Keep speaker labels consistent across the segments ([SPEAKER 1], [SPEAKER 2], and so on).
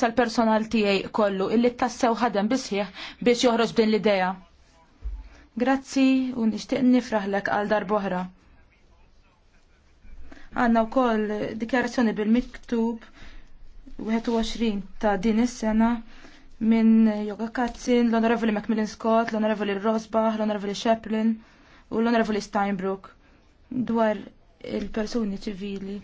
[SPEAKER 1] sal-personal tiegħi kollu illi tassew ħadem bisħieħ biex joħroġ din l-idea. Grazzi u nixtieq nifraħlek għal boħra. Għanna wkoll dikjarazzjoni bil-miktub 21 ta' din is-sena minn Joga Katzin, l-Onorevoli Macmillan Scott, l-Onorevoli Rosbach, l-Onorevoli Chaplin u l-Onorevoli Steinbrook dwar il-persuni ċivili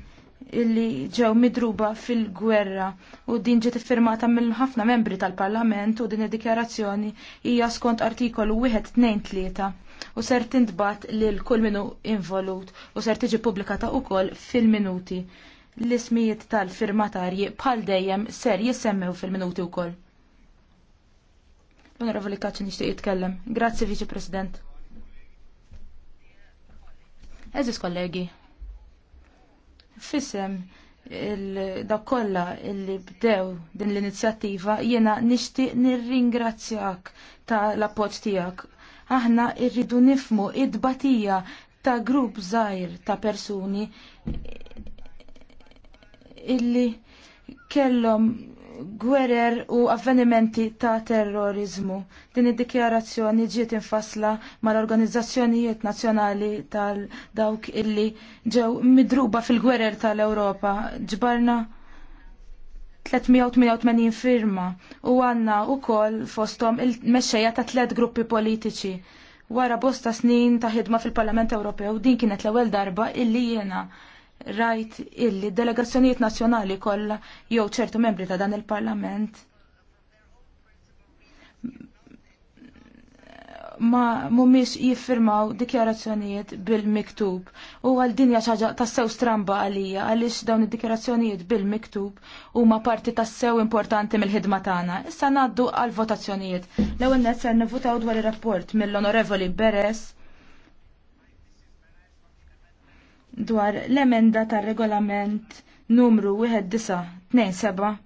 [SPEAKER 1] illi ġew midruba fil-gwerra u din ġiet iffirmata mill ħafna membri tal-Parlament u din id-dikjarazzjoni hija skont artikolu 1-2-3 u ser tintbat lil kull minu involut u ser tiġi pubblikata wkoll fil-minuti. L-ismijiet tal-firmatarji bħal dejjem ser jissemmew fil-minuti wkoll. L-Onorevoli Kaċin nixtieq jitkellem. Grazzi, Viċi President. Eżis kollegi, Fisem dak kollha illi bdew din l-inizjattiva jiena nixtieq nirringrazzjak ta' l-appoġġ tiegħek. Aħna rridu nifmu id-batija ta' grupp żgħir ta' persuni illi kellhom gwerer u avvenimenti ta' terrorizmu. Din id-dikjarazzjoni ġiet infasla mal-organizzazzjonijiet nazzjonali tal-dawk illi ġew midruba fil-gwerer tal-Ewropa. Ġbarna 388 firma u għanna u kol fostom il-mesċeja ta' tlet gruppi politiċi. Wara bosta snin ta' ħidma fil-Parlament Ewropew din kienet l-ewwel darba illi jiena rajt illi delegazzjonijiet nazzjonali kollha jew ċertu membri ta' dan il-Parlament ma mumiex jiffirmaw dikjarazzjonijiet bil-miktub u għal dinja ċaġa tassew stramba għalija għaliex dawn id-dikjarazzjonijiet bil-miktub u ma parti tassew importanti mill-ħidma tagħna. Issa ngħaddu għal votazzjonijiet. L-ewwel nett ser nivvutaw dwar ir-rapport mill-Onorevoli Beres dwar l-emenda tar regolament numru 1927